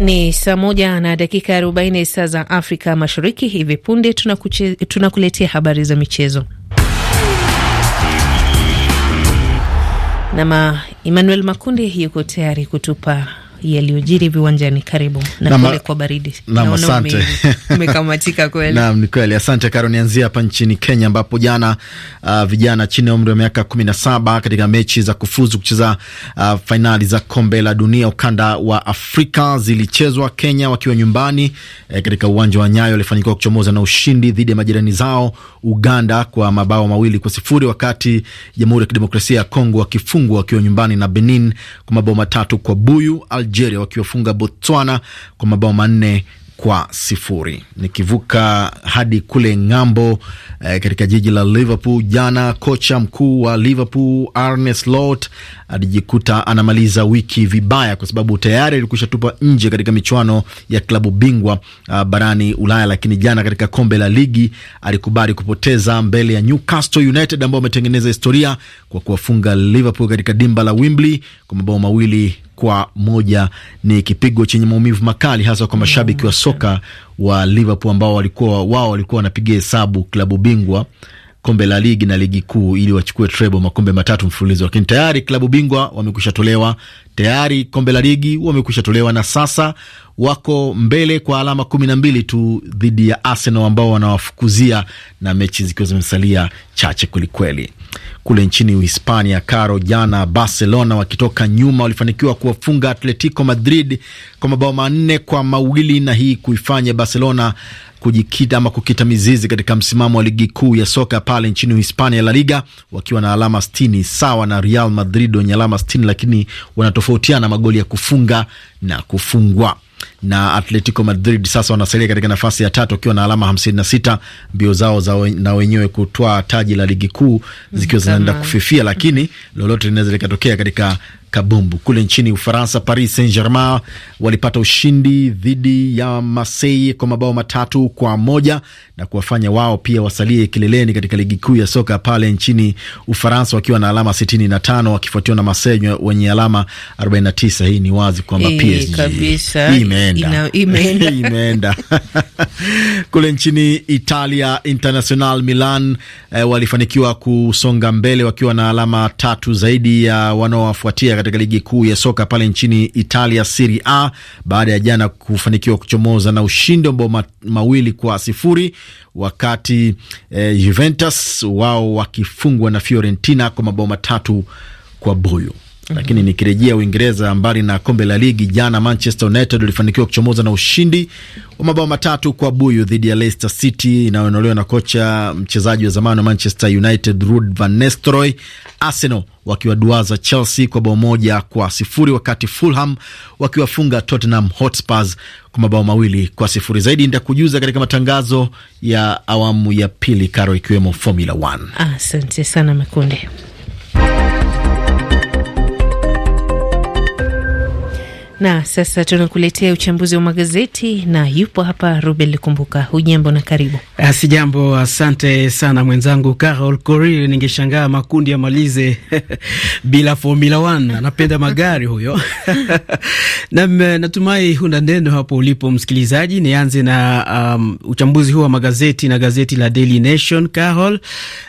Ni saa moja na dakika arobaini saa za Afrika Mashariki. Hivi punde tunakuletea habari za michezo nama Emmanuel Makunde yuko tayari kutupa yaliyojiri viwanjani. Karibu na pole kwa baridi. Naam, asante. Umekamatika kweli. Naam, ni kweli. Asante Karo. Nianzie hapa nchini Kenya ambapo jana uh, vijana chini ya umri wa miaka kumi na saba katika mechi za kufuzu kucheza uh, fainali za kombe la dunia ukanda wa Afrika zilichezwa Kenya wakiwa nyumbani eh, katika uwanja wa Nyayo walifanikiwa kuchomoza na ushindi dhidi ya majirani zao Uganda kwa mabao mawili kwa sifuri wakati Jamhuri ya Kidemokrasia ya Kongo wakifungwa wakiwa nyumbani na Benin kwa mabao matatu kwa buyu Al Nigeria wakiwafunga Botswana kwa mabao manne kwa sifuri. Nikivuka hadi kule ng'ambo eh, katika jiji la Liverpool jana, kocha mkuu wa Liverpool Arne Slot alijikuta anamaliza wiki vibaya, kwa sababu tayari alikusha tupa nje katika michuano ya klabu bingwa uh, barani Ulaya, lakini jana katika kombe la ligi alikubali kupoteza mbele ya Newcastle United ambao wametengeneza historia kwa kuwafunga Liverpool katika dimba la Wembley kwa mabao mawili kwa moja ni kipigo chenye maumivu makali hasa kwa mashabiki wa soka wa Liverpool ambao walikuwa wao walikuwa wanapiga hesabu klabu bingwa kombe la ligi na ligi kuu ili wachukue treble makombe matatu mfululizo, lakini tayari klabu bingwa wamekwisha tolewa, tayari kombe la ligi wamekwisha tolewa, na sasa wako mbele kwa alama kumi na mbili tu dhidi ya Arsenal ambao wanawafukuzia na mechi zikiwa zimesalia chache kwelikweli. Kule nchini Uhispania, karo jana Barcelona wakitoka nyuma walifanikiwa kuwafunga Atletico Madrid kwa mabao manne kwa mawili na hii kuifanya Barcelona kujikita ama kukita mizizi katika msimamo wa ligi kuu ya soka pale nchini Hispania, La Liga, wakiwa na alama sitini sawa na Real Madrid wenye alama sitini, lakini wanatofautiana magoli ya kufunga na kufungwa na Atletico Madrid sasa wanasalia katika nafasi ya tatu wakiwa na alama 56, mbio zao za we, na wenyewe kutoa taji la ligi kuu zikiwa zinaenda kufifia, lakini lolote linaweza likatokea katika kabumbu. Kule nchini Ufaransa, Paris Saint Germain walipata ushindi dhidi ya Marseille kwa mabao matatu kwa moja na kuwafanya wao pia wasalie kileleni katika ligi kuu ya soka pale nchini Ufaransa wakiwa na alama 65 wakifuatiwa na Marseille wenye alama 49. Hii ni wazi kwamba eh, PSG imeenda imeenda, imeenda. imeenda. Kule nchini Italia International Milan eh, walifanikiwa kusonga mbele wakiwa na alama tatu zaidi ya wanaowafuatia katika ligi kuu ya soka pale nchini Italia Serie A baada ya jana kufanikiwa kuchomoza na ushindi wa mabao mawili kwa sifuri wakati eh, Juventus wao wakifungwa na Fiorentina kwa mabao matatu kwa buyu. Mhm. Lakini nikirejea Uingereza, mbali na kombe la ligi, jana Manchester United ilifanikiwa kuchomoza na ushindi wa mabao matatu kwa buyu dhidi ya Leicester City inayoonolewa na kocha mchezaji wa zamani wa Manchester United Ruud van Nistelrooy. Arsenal wakiwaduaza Chelsea kwa bao moja kwa sifuri wakati Fulham wakiwafunga Tottenham Hotspurs kwa mabao mawili kwa sifuri. Zaidi nitakujuza katika matangazo ya awamu ya pili, Karo, ikiwemo Formula 1. Asante sana Makunde. Na sasa tunakuletea uchambuzi wa magazeti na yupo hapa Ruben Likumbuka. Hujambo na karibu. Ah, Sijambo, asante sana mwenzangu Carol Cori. Ningeshangaa makundi yamalize bila Formula 1. Anapenda magari huyo. Nam, natumai huna neno hapo ulipo msikilizaji. Nianze na um, uchambuzi huu wa magazeti na gazeti la Daily Nation Carol.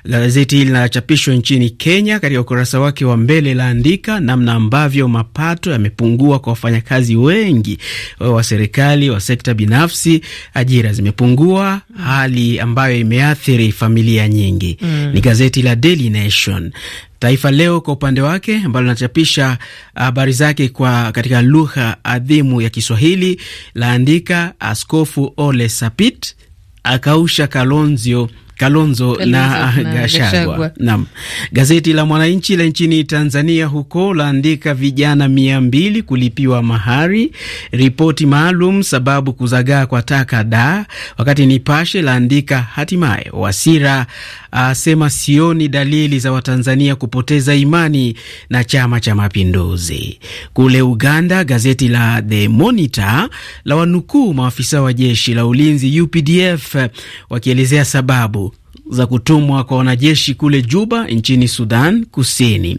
Gazeti hili linachapishwa nchini Kenya, katika ukurasa wake wa mbele laandika namna ambavyo mapato yamepungua kwa wafanya wafanyakazi wengi wa serikali, wa sekta binafsi, ajira zimepungua, hali ambayo imeathiri familia nyingi. Mm. Ni gazeti la Daily Nation. Taifa Leo kwa upande wake ambalo linachapisha habari zake kwa katika lugha adhimu ya Kiswahili laandika Askofu Ole Sapit akausha Kalonzo Kalonzo, Kalonzo na, Gashagwa. Naam, gazeti la Mwananchi la nchini Tanzania huko laandika vijana mia mbili kulipiwa mahari, ripoti maalum sababu kuzagaa kwa taka da. Wakati Nipashe laandika hatimaye Wasira asema sioni dalili za Watanzania kupoteza imani na Chama cha Mapinduzi. Kule Uganda, gazeti la The Monitor la wanukuu maafisa wa jeshi la ulinzi UPDF wakielezea sababu za kutumwa kwa wanajeshi kule Juba nchini Sudan Kusini.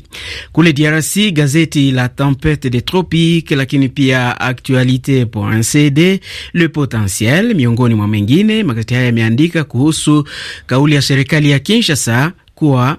Kule DRC, gazeti la Tempete des Tropiques, lakini pia Actualite.cd, Le Potentiel, miongoni mwa mengine, magazeti haya yameandika kuhusu kauli ya serikali ya Kinshasa kuwa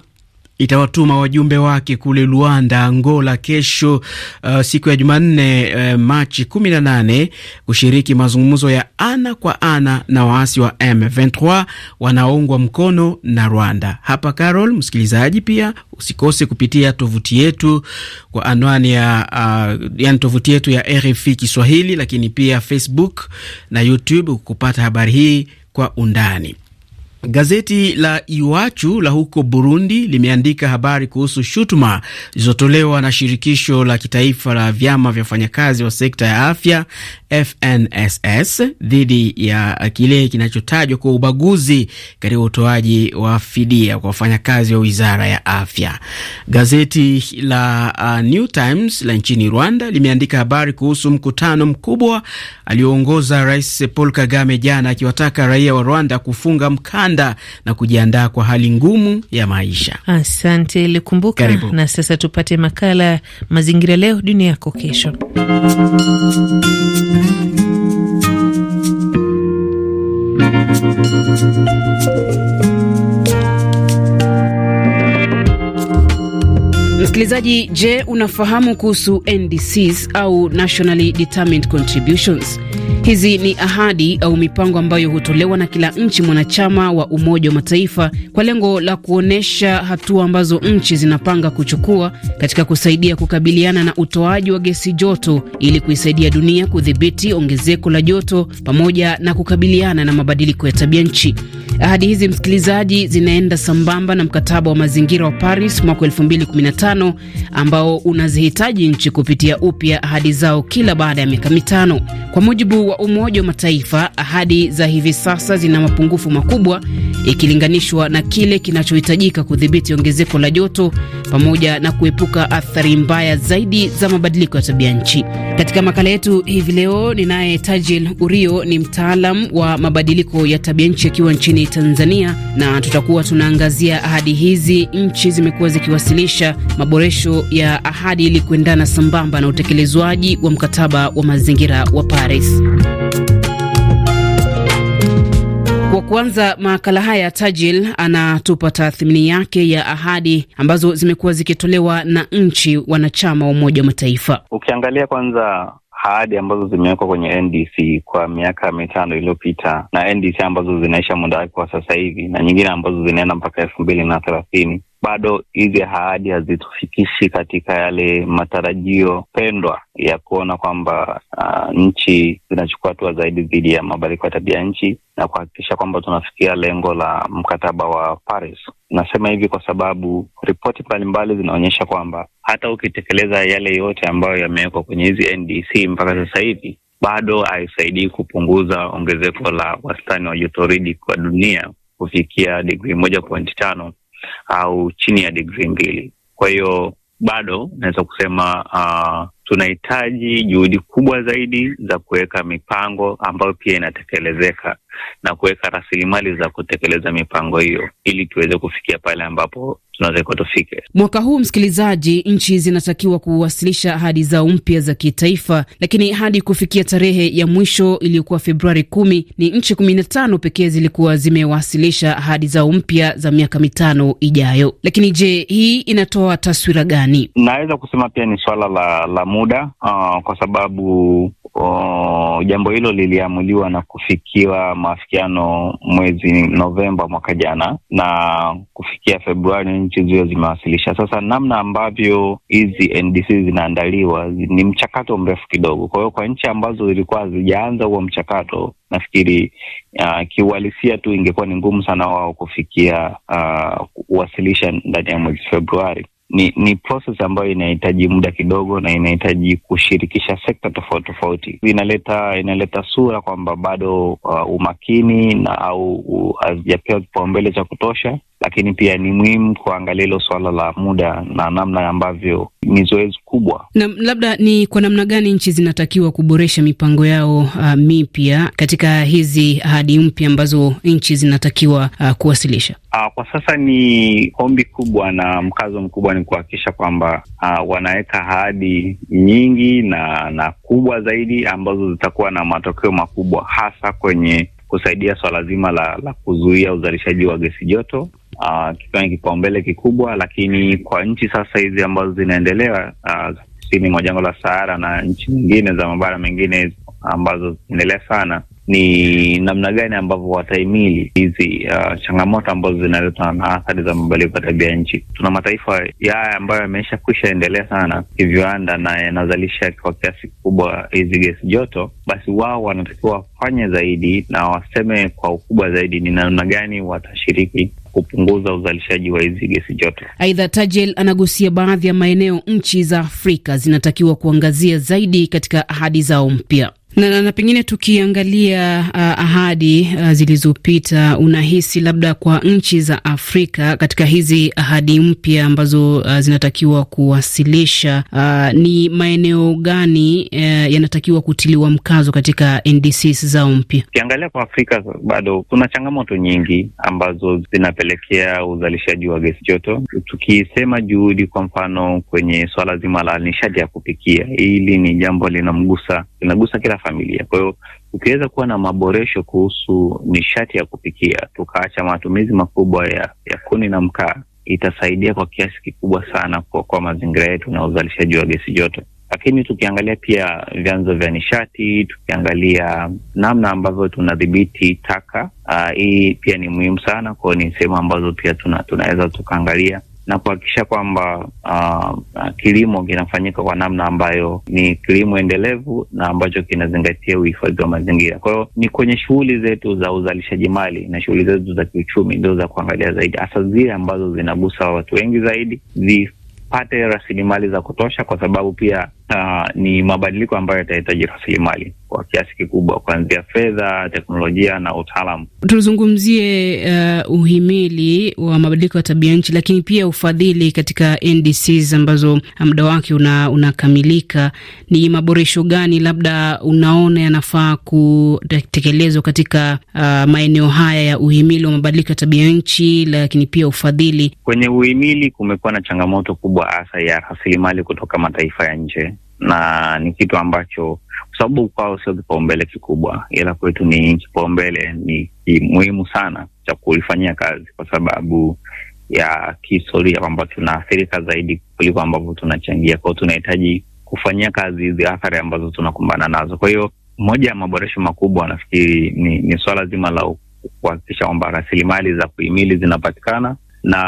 itawatuma wajumbe wake kule Luanda, Angola kesho uh, siku ya Jumanne uh, Machi 18 kushiriki mazungumzo ya ana kwa ana na waasi wa M23 wanaoungwa mkono na Rwanda. Hapa Carol, msikilizaji, pia usikose kupitia tovuti yetu kwa anwani ya uh, yani tovuti yetu ya RFI Kiswahili, lakini pia Facebook na YouTube kupata habari hii kwa undani. Gazeti la Iwachu la huko Burundi limeandika habari kuhusu shutuma zilizotolewa na shirikisho la kitaifa la vyama vya wafanyakazi wa sekta ya afya FNSS dhidi ya kile kinachotajwa kwa ubaguzi katika utoaji wa fidia kwa wafanyakazi wa wizara ya afya. Gazeti la uh, New Times la nchini Rwanda limeandika habari kuhusu mkutano mkubwa aliyoongoza Rais Paul Kagame jana akiwataka raia wa Rwanda kufunga mkanda Uganda na kujiandaa kwa hali ngumu ya maisha. Asante Likumbuka. Karibu. Na sasa tupate makala Mazingira Leo Dunia Yako Kesho. Msikilizaji, je, unafahamu kuhusu NDCs au Nationally Determined Contributions? Hizi ni ahadi au mipango ambayo hutolewa na kila nchi mwanachama wa Umoja wa Mataifa kwa lengo la kuonyesha hatua ambazo nchi zinapanga kuchukua katika kusaidia kukabiliana na utoaji wa gesi joto ili kuisaidia dunia kudhibiti ongezeko la joto pamoja na kukabiliana na mabadiliko ya tabia nchi. Ahadi hizi, msikilizaji, zinaenda sambamba na mkataba wa mazingira wa Paris mwaka 2015 ambao unazihitaji nchi kupitia upya ahadi zao kila baada ya miaka mitano. Kwa mujibu wa Umoja wa Mataifa, ahadi za hivi sasa zina mapungufu makubwa ikilinganishwa na kile kinachohitajika kudhibiti ongezeko la joto pamoja na kuepuka athari mbaya zaidi za mabadiliko ya tabia nchi. Katika makala yetu hivi leo ninaye Tajil Urio, ni mtaalam wa mabadiliko ya tabia nchi akiwa nchini Tanzania, na tutakuwa tunaangazia ahadi hizi. Nchi zimekuwa zikiwasilisha maboresho ya ahadi ili kuendana sambamba na utekelezwaji wa mkataba wa mazingira wa Paris. kwanza makala haya, Tajil anatupa tathmini yake ya ahadi ambazo zimekuwa zikitolewa na nchi wanachama wa Umoja wa Mataifa. Ukiangalia kwanza ahadi ambazo zimewekwa kwenye NDC kwa miaka mitano iliyopita na NDC ambazo zinaisha muda wake kwa sasa hivi na nyingine ambazo zinaenda mpaka elfu mbili na thelathini bado hizi ahadi hazitufikishi katika yale matarajio pendwa ya kuona kwamba uh, nchi zinachukua hatua zaidi dhidi ya mabadiliko ya tabia nchi na kuhakikisha kwamba tunafikia lengo la mkataba wa Paris. Nasema hivi kwa sababu ripoti mbalimbali zinaonyesha kwamba hata ukitekeleza yale yote ambayo yamewekwa kwenye hizi NDC mpaka sasa hivi bado haisaidii kupunguza ongezeko la wastani wa jotoridi kwa dunia kufikia digrii moja pointi tano au chini ya digrii mbili. Kwa hiyo bado naweza kusema uh, tunahitaji juhudi kubwa zaidi za kuweka mipango ambayo pia inatekelezeka na kuweka rasilimali za kutekeleza mipango hiyo ili tuweze kufikia pale ambapo tunaweza tufike. Mwaka huu, msikilizaji, nchi zinatakiwa kuwasilisha ahadi zao mpya za kitaifa, lakini hadi kufikia tarehe ya mwisho iliyokuwa Februari kumi, ni nchi kumi na tano pekee zilikuwa zimewasilisha ahadi zao mpya za miaka mitano ijayo. Lakini je, hii inatoa taswira gani? Naweza kusema pia ni swala la, la muda uh, kwa sababu uh, jambo hilo liliamuliwa na kufikiwa maafikiano mwezi Novemba mwaka jana, na kufikia Februari nchi zio zimewasilisha. Sasa namna ambavyo hizi NDC zinaandaliwa ni mchakato mrefu kidogo, kwa hiyo kwa nchi ambazo zilikuwa hazijaanza huo mchakato nafikiri uh, kiuhalisia tu ingekuwa ni ngumu sana wao kufikia uh, kuwasilisha ndani ya mwezi Februari ni ni process ambayo inahitaji muda kidogo na inahitaji kushirikisha sekta tofauti tofauti. Inaleta inaleta sura kwamba bado uh, umakini na au hazijapewa uh, kipaumbele cha kutosha lakini pia ni muhimu kuangalia hilo swala la muda na namna ambavyo ni zoezi kubwa. Na labda ni kwa namna gani nchi zinatakiwa kuboresha mipango yao uh, mipya katika hizi ahadi mpya ambazo nchi zinatakiwa uh, kuwasilisha? Uh, kwa sasa ni ombi kubwa na mkazo mkubwa ni kuhakikisha kwamba uh, wanaweka ahadi nyingi na na kubwa zaidi ambazo zitakuwa na matokeo makubwa hasa kwenye kusaidia swala zima la, la kuzuia uzalishaji wa gesi joto Ah, tukiwa kipaumbele kikubwa, lakini kwa nchi sasa hizi ambazo zinaendelea ah, kusini mwa jangwa la Sahara na nchi nyingine za mabara mengine ambazo zinaendelea sana ni namna gani ambavyo wataimili hizi uh, changamoto ambazo zinaletwa na athari za mabadiliko ya tabia nchi. Tuna mataifa yaya ambayo yameisha kuisha endelea sana kiviwanda na yanazalisha kwa kiasi kikubwa hizi gesi joto, basi wao wanatakiwa wafanye zaidi na waseme kwa ukubwa zaidi ni namna gani watashiriki kupunguza uzalishaji wa hizi gesi joto. Aidha, Tajel anagusia baadhi ya maeneo nchi za Afrika zinatakiwa kuangazia zaidi katika ahadi zao mpya. Na, na, na pengine tukiangalia uh, ahadi uh, zilizopita, unahisi labda kwa nchi za Afrika katika hizi ahadi mpya ambazo uh, zinatakiwa kuwasilisha uh, ni maeneo gani uh, yanatakiwa kutiliwa mkazo katika NDCs zao mpya? Ukiangalia kwa Afrika bado kuna changamoto nyingi ambazo zinapelekea uzalishaji wa gesi joto. Tukisema juhudi, kwa mfano kwenye swala zima la nishati ya kupikia, hili ni jambo linamgusa linagusa kila familia. Kwa hiyo ukiweza kuwa na maboresho kuhusu nishati ya kupikia, tukaacha matumizi makubwa ya, ya kuni na mkaa, itasaidia kwa kiasi kikubwa sana kwa, kwa mazingira yetu na uzalishaji wa gesi joto. Lakini tukiangalia pia vyanzo vya nishati, tukiangalia namna ambavyo tunadhibiti taka, ah, hii pia ni muhimu sana kwao. Ni sehemu ambazo pia tuna, tunaweza tukaangalia na kuhakikisha kwamba uh, kilimo kinafanyika kwa namna ambayo ni kilimo endelevu na ambacho kinazingatia uhifadhi wa mazingira. Kwa hiyo ni kwenye shughuli zetu za uzalishaji mali na shughuli zetu za kiuchumi ndio za kuangalia zaidi, hasa zile ambazo zinagusa watu wengi zaidi zipate rasilimali za kutosha, kwa sababu pia uh, ni mabadiliko ambayo yatahitaji rasilimali kwa kiasi kikubwa kuanzia fedha, teknolojia na utaalamu. Tuzungumzie uh, uhimili wa mabadiliko ya tabia nchi, lakini pia ufadhili katika NDCs ambazo uh, muda wake unakamilika. Una ni maboresho gani labda unaona yanafaa kutekelezwa katika uh, maeneo haya ya uhimili wa mabadiliko ya tabia nchi, lakini pia ufadhili kwenye uhimili? Kumekuwa na changamoto kubwa hasa ya rasilimali kutoka mataifa ya nje na ni kitu ambacho kwa sababu kwao sio kipaumbele kikubwa, ila kwetu ni kipaumbele, ni muhimu sana cha kulifanyia kazi, kwa sababu ya kihistoria kwamba tunaathirika zaidi kuliko ambavyo tunachangia. Kwao tunahitaji kufanyia kazi hizi athari ambazo tunakumbana nazo. Kwa hiyo moja ya maboresho makubwa nafikiri ni, ni swala zima la kuhakikisha kwamba rasilimali za kuhimili zinapatikana na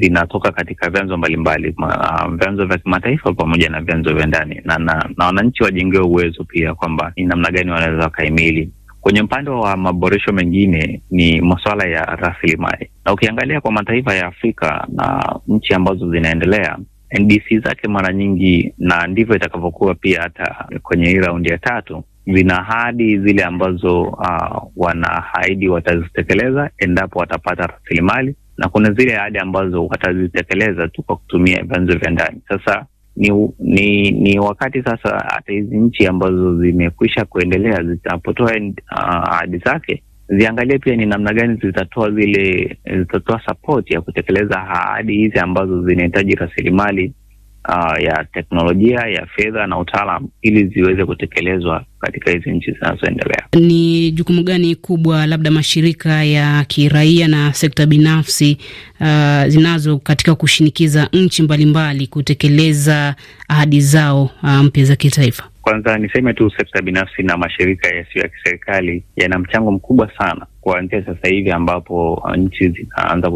zinatoka katika vyanzo mbalimbali uh, vyanzo vya kimataifa pamoja na vyanzo vya ndani, na, na, na wananchi wajengewe uwezo pia kwamba ni namna gani wanaweza wakaimili. Kwenye upande wa maboresho mengine ni masuala ya rasilimali, na ukiangalia kwa mataifa ya Afrika na nchi ambazo zinaendelea NDC zake mara nyingi, na ndivyo itakavyokuwa pia hata kwenye hii raundi ya tatu, zina ahadi zile ambazo uh, ah, wanahaidi watazitekeleza endapo watapata rasilimali na kuna zile ahadi ambazo watazitekeleza tu kwa kutumia vyanzo vya ndani. Sasa ni, ni, ni wakati sasa hata hizi nchi ambazo zimekwisha kuendelea zitapotoa uh, ahadi uh, zake ziangalie pia ni namna gani zitatoa zile zitatoa sapoti ya kutekeleza ahadi hizi ambazo zinahitaji rasilimali uh, ya teknolojia ya fedha na utaalam ili ziweze kutekelezwa katika hizi nchi zinazoendelea. Ni jukumu gani kubwa labda mashirika ya kiraia na sekta binafsi uh, zinazo katika kushinikiza nchi mbalimbali kutekeleza ahadi zao uh, mpya za kitaifa? Kwanza niseme tu sekta binafsi na mashirika yasiyo ya kiserikali yana mchango mkubwa sana, kuanzia sasa hivi ambapo nchi zinaanza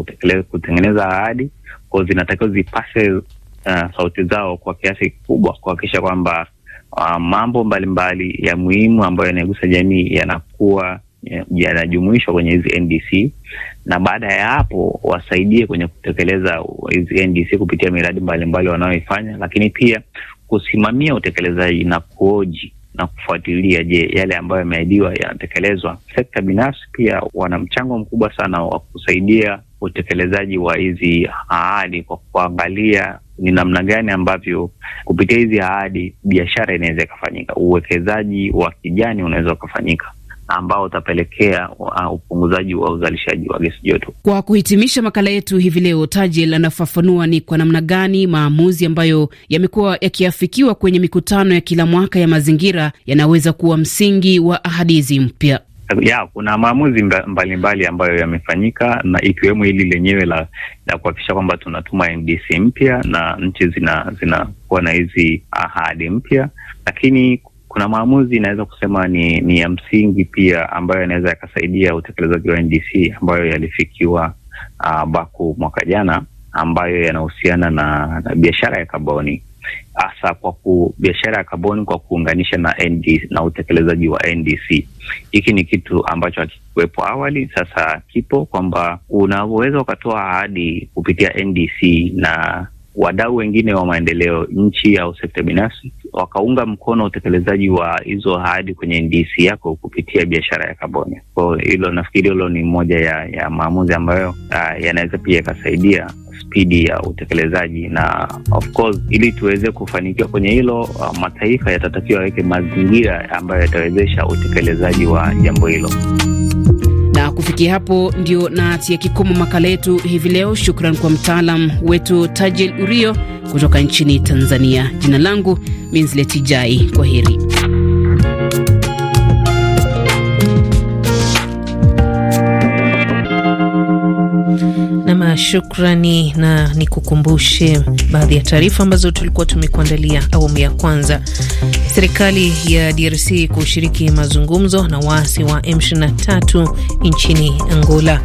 kutengeneza ahadi kwao, zinatakiwa zipase uh, sauti zao kwa kiasi kikubwa kuhakikisha kwamba uh, mambo mbalimbali mbali ya muhimu ambayo yanaigusa jamii yanakuwa yanajumuishwa kwenye hizi NDC na baada ya hapo wasaidie kwenye kutekeleza hizi NDC kupitia miradi mbalimbali wanayoifanya, lakini pia kusimamia utekelezaji na kuoji na kufuatilia, je, yale ambayo yameahidiwa yanatekelezwa. Sekta binafsi pia wana mchango mkubwa sana wa kusaidia utekelezaji wa hizi ahadi kwa kuangalia ni namna gani ambavyo kupitia hizi ahadi biashara inaweza ikafanyika, uwekezaji wa kijani unaweza ukafanyika ambao utapelekea uh, upunguzaji wa uzalishaji wa gesi joto. Kwa kuhitimisha makala yetu hivi leo, Tajel anafafanua ni kwa namna gani maamuzi ambayo yamekuwa yakiafikiwa kwenye mikutano ya kila mwaka ya mazingira yanaweza kuwa msingi wa ahadi hizi mpya ya kuna maamuzi mbalimbali mbali ambayo yamefanyika na ikiwemo hili lenyewe la, la kuhakikisha kwamba tunatuma MDC mpya na nchi zinakuwa na hizi ahadi mpya, lakini kuna maamuzi inaweza kusema ni, ni ya msingi pia ambayo yanaweza yakasaidia utekelezaji wa NDC ambayo yalifikiwa uh, Baku mwaka jana ambayo yanahusiana na, na biashara ya kaboni hasa kwa biashara ya kaboni kwa kuunganisha na ND, na utekelezaji wa NDC. Hiki ni kitu ambacho hakikuwepo awali, sasa kipo kwamba unavyoweza ukatoa ahadi kupitia NDC na wadau wengine wa maendeleo, nchi au sekta binafsi wakaunga mkono utekelezaji wa hizo ahadi kwenye NDC yako kupitia biashara ya kaboni. Kwa hilo nafikiri hilo ni moja ya, ya maamuzi ambayo ah, yanaweza pia yakasaidia spidi ya utekelezaji, na of course, ili tuweze kufanikiwa kwenye hilo uh, mataifa yatatakiwa yaweke mazingira ambayo yatawezesha utekelezaji wa jambo hilo kufikia hapo ndio natia kikomo makala yetu hivi leo. Shukran kwa mtaalam wetu Tajel Urio kutoka nchini Tanzania. Jina langu minzletijai kwa heri. Shukrani, na nikukumbushe baadhi ya taarifa ambazo tulikuwa tumekuandalia awamu ya kwanza. Serikali ya DRC kushiriki mazungumzo na waasi wa M23 nchini Angola.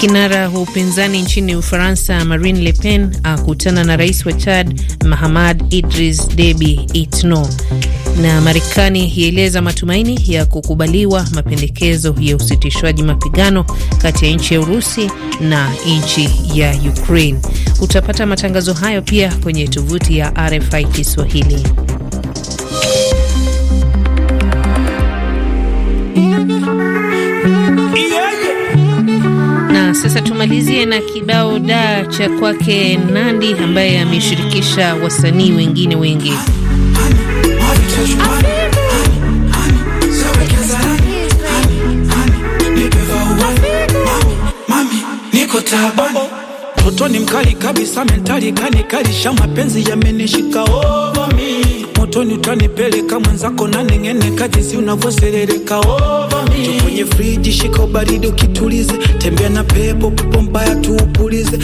Kinara wa upinzani nchini Ufaransa Marine Le Pen akutana na rais wa Chad Mahamad Idris Deby Itno. Na Marekani yaeleza matumaini ya kukubaliwa mapendekezo ya usitishwaji mapigano kati ya nchi ya Urusi na nchi ya Ukraine. Utapata matangazo hayo pia kwenye tovuti ya RFI Kiswahili. Sasa tumalizie na kibao daa cha kwake Nandi ambaye ameshirikisha wasanii wengine wengi. tabani Toto ni mkali kabisa mentali kanikalisha mapenzi yamenishika over me motoni utanipeleka mwenzako na neng'eneka jinsi unavyoserereka kwenye friji, shika ubaridi ukitulize, tembea na pepo pepo mbaya tuupulize,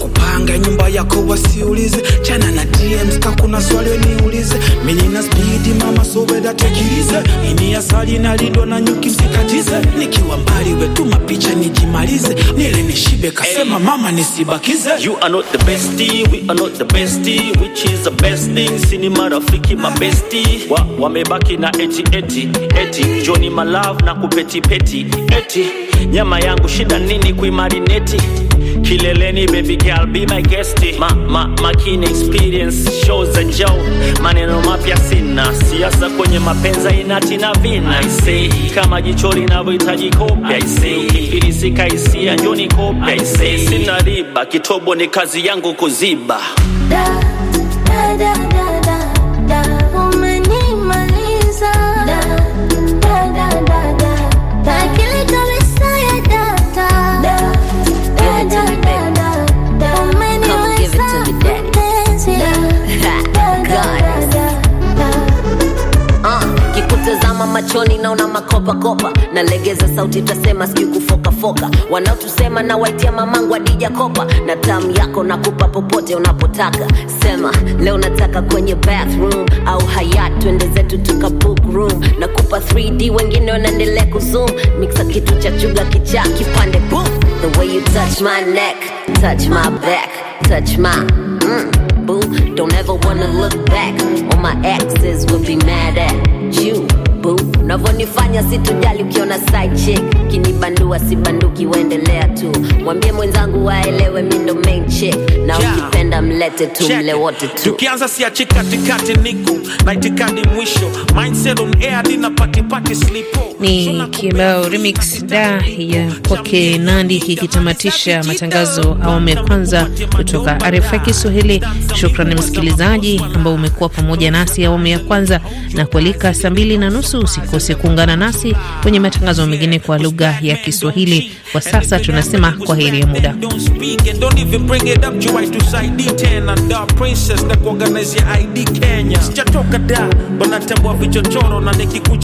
kupanga nyumba yako wasiulize, chana na DM sika, kuna swali weniulize, mimi na spidi mama soweda tekirize, ini asali na lido na nyuki msikatize, nikiwa mbali wetu mapicha nijimalize, nile nishibe kasema mama nisibakize. You are not the bestie, we are not the bestie, which is the best thing, sini marafiki mabesti mabesti wa, wamebaki na eti eti eti joni Malove na kupeti peti eti nyama yangu shida nini kuimarineti kileleni baby girl be my guest ma, ma, makini experience shows and show maneno mapya sina siasa kwenye mapenza inati na vina i say kama jicho linavyohitaji say kifirisi kaisia njoni kopya sina riba kitobo ni kazi yangu kuziba da. Nasimama machoni naona na legeza sauti tasema siku sijui kufokafoka, wanaotusema na waitia mamangu adija kopa, na tamu yako nakupa popote unapotaka. Sema leo nataka kwenye bathroom au hayat, twende zetu tuka book room, nakupa 3D, wengine wanaendelea kuzoom, mixa kitu cha chuga kicha kipande, boom the way you touch my neck, touch my back, touch my mm. Don't ever wanna look back. All my exes will be mad at you boo unavyonifanya sitojali ukiona side check kinibandua sibanduki waendelea tu mwambie mwenzangu waelewe mindo main check na ukipenda tumle wote tu. Tukianza si achi katikati niku na itikadi mwisho mindset on air pati pati slipo. Ni kibao remix da ya kwake Nandi kikitamatisha matangazo awamu ya kwanza kutoka RFI Kiswahili. Shukrani msikilizaji ambao umekuwa pamoja nasi awamu ya kwanza, na kualika saa mbili na nusu usikose kuungana nasi kwenye matangazo mengine kwa lugha ya Kiswahili. Kwa sasa tunasema kwa heri ya muda hii tena da princess na kuorganizia id kenya sijatoka da wanatambua vichochoro na nikikuja